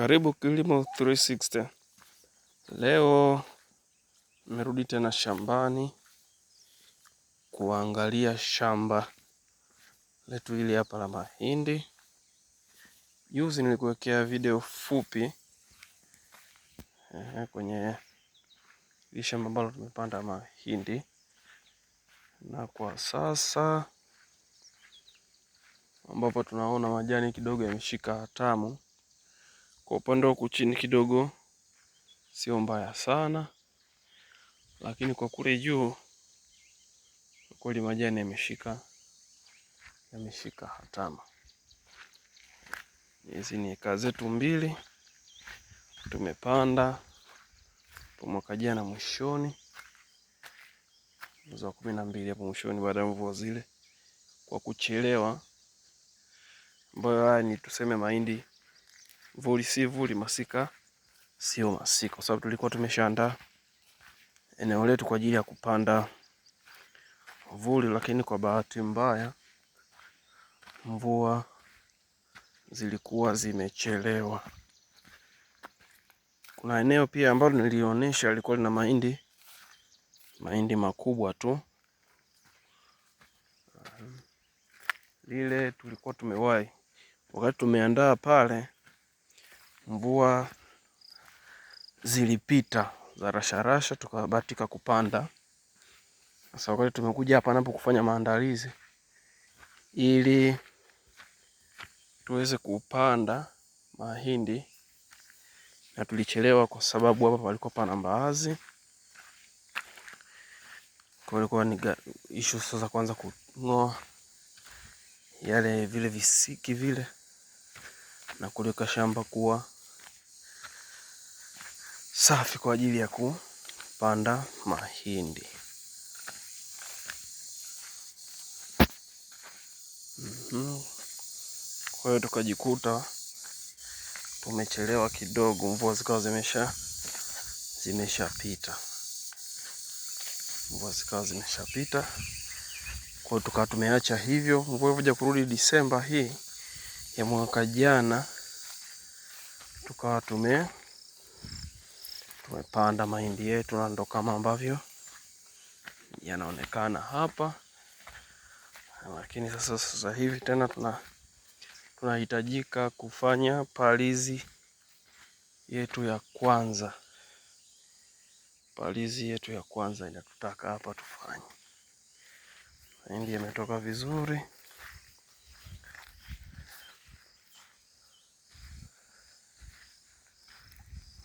Karibu Kilimo 360. Leo nimerudi tena shambani kuangalia shamba letu hili hapa la mahindi. Juzi nilikuwekea video fupi ehe, kwenye hili shamba ambalo tumepanda mahindi, na kwa sasa ambapo tunaona majani kidogo yameshika hatamu kwa upande wa kuchini kidogo sio mbaya sana, lakini kwa kule juu kweli majani yameshika yameshika hatama. Hizi ni eka zetu mbili tumepanda po mwaka jana mwishoni mwezi wa kumi na mbili hapo mwishoni, baada ya mvua zile kwa kuchelewa, ambayo haya ni tuseme mahindi vuli si vuli, masika sio masika, kwa sababu tulikuwa tumeshaandaa eneo letu kwa ajili ya kupanda vuli, lakini kwa bahati mbaya mvua zilikuwa zimechelewa. Kuna eneo pia ambalo nilionyesha lilikuwa lina mahindi mahindi makubwa tu, lile tulikuwa tumewahi wakati tumeandaa pale mvua zilipita za rasharasha, tukabatika kupanda. Sasa wakati tumekuja hapa napo kufanya maandalizi ili tuweze kupanda mahindi, na tulichelewa kwa sababu hapa palikuwa pana mbaazi, kwa ilikuwa ni ishu sasa kwanza kung'oa yale vile visiki vile na kuliweka shamba kuwa safi kwa ajili ya kupanda mahindi. Mm-hmm. Kwa hiyo tukajikuta tumechelewa kidogo, mvua zikawa zimesha zimeshapita, mvua zikawa zimeshapita. Kwa hiyo tukawa tumeacha hivyo, mvua ivoja kurudi Disemba hii ya mwaka jana tukawa tume Tumepanda mahindi yetu na ndo kama ambavyo yanaonekana hapa, lakini sasa sasa hivi tena tuna tunahitajika kufanya palizi yetu ya kwanza. Palizi yetu ya kwanza inatutaka hapa tufanye. Mahindi yametoka vizuri.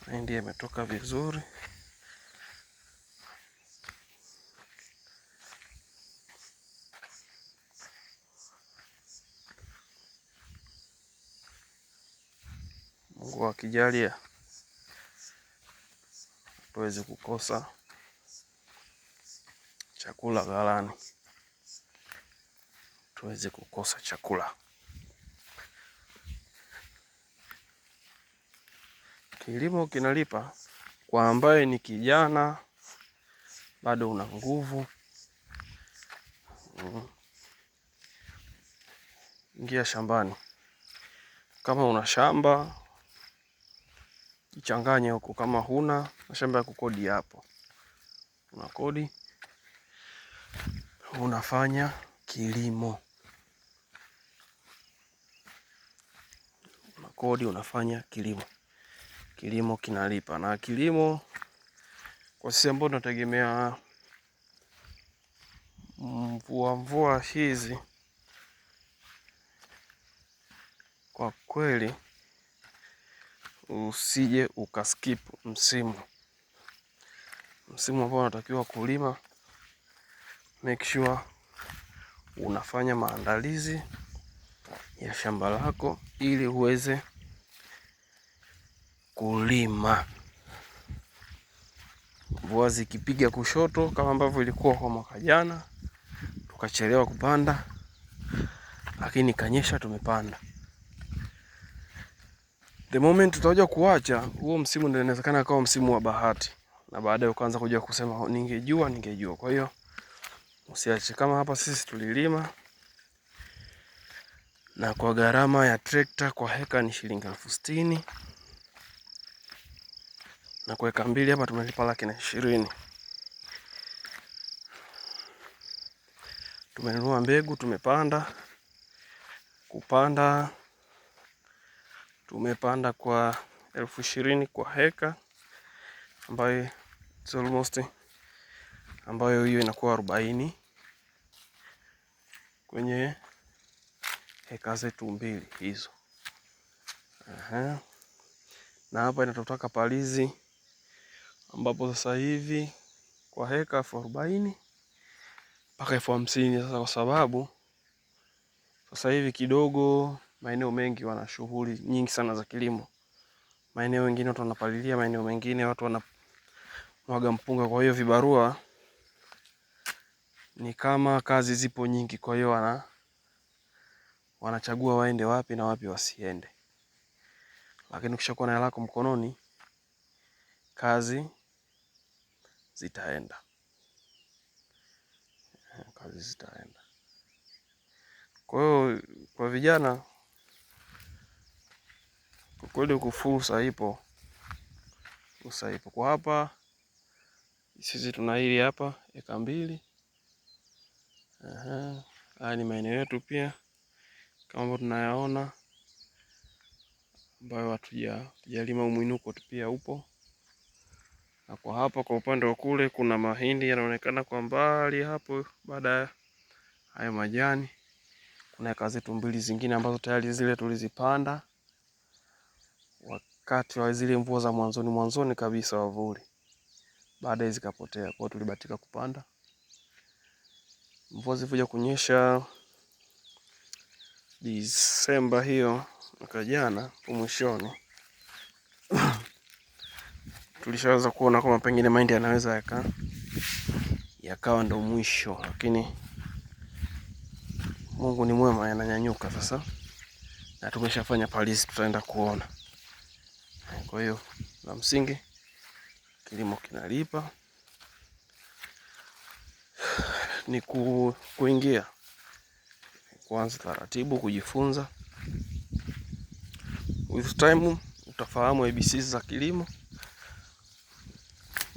mahindi yametoka vizuri. Mungu akijalia tuwezi kukosa chakula ghalani, tuwezi kukosa chakula. Kilimo kinalipa kwa ambaye ni kijana bado una nguvu. Mm. Ingia shambani, kama una shamba jichanganye huko, kama huna mashamba ya kukodi hapo, una kodi unafanya kilimo, una kodi unafanya kilimo kilimo kinalipa, na kilimo kwa sisi ambao tunategemea mvua mvua hizi, kwa kweli usije ukaskip msimu msimu ambao unatakiwa kulima, make sure unafanya maandalizi ya shamba lako ili uweze kulima. Mvua zikipiga kushoto kama ambavyo ilikuwa kwa mwaka jana, tukachelewa kupanda, lakini kanyesha, tumepanda. The moment tutakuja kuacha huo msimu, ndio inawezekana akawa msimu wa bahati, na baadaye ukaanza kuja kusema oh, ningejua, ningejua. Kwa hiyo usiache, kama hapa sisi tulilima na kwa gharama ya trekta kwa heka ni shilingi elfu sitini na kuweka mbili hapa tumelipa laki na ishirini. Tumenunua mbegu, tumepanda kupanda, tumepanda kwa elfu ishirini kwa heka ambayo it's almost ambayo hiyo inakuwa arobaini kwenye heka zetu mbili hizo. Aha. Na hapa inatotaka palizi ambapo sasa hivi kwa heka elfu arobaini mpaka elfu hamsini Sasa kwa sababu sasa hivi kidogo maeneo mengi wana shughuli nyingi sana za kilimo, maeneo mengine watu wanapalilia, maeneo mengine watu wanamwaga mpunga. Kwa hiyo vibarua ni kama kazi zipo nyingi, kwa hiyo wana wanachagua waende wapi na wapi wasiende, lakini ukishakuwa na hela yako mkononi kazi zitaenda, eh, kazi zitaenda. Kwa hiyo kwa vijana, kwa kweli huku fursa ipo, fursa ipo kwa hapa. Sisi tuna hili hapa eka mbili. Haya ni maeneo yetu pia kama tunayaona ambayo hatujalima, umwinuko pia upo. Na kwa hapa kwa upande wa kule kuna mahindi yanaonekana kwa mbali hapo baada ya hayo majani. Kuna kazi zetu mbili zingine ambazo tayari zile tulizipanda wakati wa zile mvua za mwanzoni mwanzoni kabisa wavuli. Baadaye zikapotea. Kwa tulibatika kupanda. Mvua zilivyokuja kunyesha Disemba hiyo mwaka jana mwishoni tulishaweza kuona kama pengine mahindi yanaweza yaka yakawa ndo mwisho, lakini Mungu ni mwema, yananyanyuka sasa, na tumeshafanya palizi, tutaenda kuona. Kwa hiyo la msingi kilimo kinalipa ni ku, kuingia kuanza taratibu kujifunza. With time utafahamu ABC za kilimo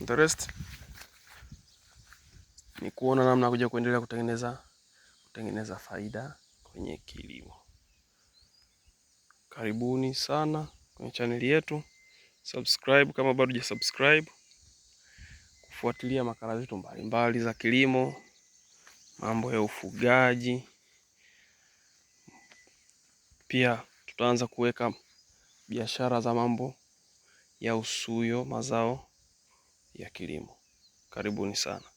rest ni kuona namna kuja kuendelea kutengeneza kutengeneza faida kwenye kilimo. Karibuni sana kwenye chaneli yetu, subscribe kama bado hujasubscribe, kufuatilia makala zetu mbalimbali za kilimo, mambo ya ufugaji. Pia tutaanza kuweka biashara za mambo ya usuyo mazao ya kilimo. Karibuni sana.